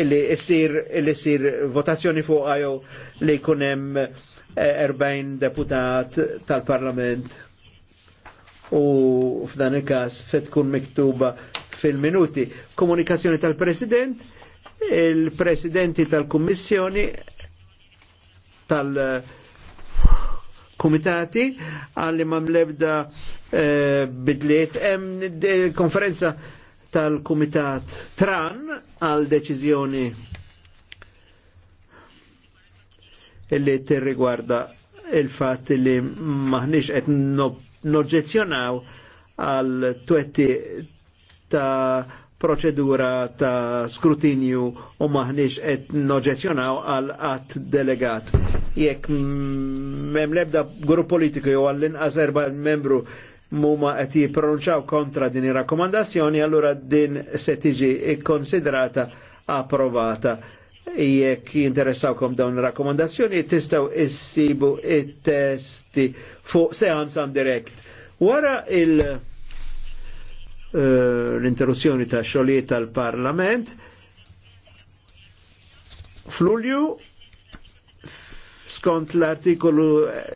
li sir li sir votazzjoni fuq għajow li kunem 40 eh, deputat tal-parlament u f'dan il-kas se tkun miktuba fil-minuti. Komunikazzjoni tal-President, il-Presidenti tal-Kummissjoni tal-Kumitati għalli mamlebda eh, bidliet. Konferenza tal-Kumitat Tran għal deċiżjoni illi tirrigwarda il fat li maħniex qed noġġezzjonaw għal twetti ta' proċedura ta' skrutinju u maħniex qed noġezzjonaw għal għat delegat. Jekk mem lebda grupp politiku jew għall-inqas erba' membru muma qed jippronunċaw kontra din il rakkomandazzjoni allura din se tiġi konsiderata approvata. Jekk jinteressawkom dawn il rakkomandazzjoni tistgħu issibu it-testi fuq seans on direct. Wara il eh, l-interruzzjoni ta' xoliet tal-Parlament, fl skont l-artikolu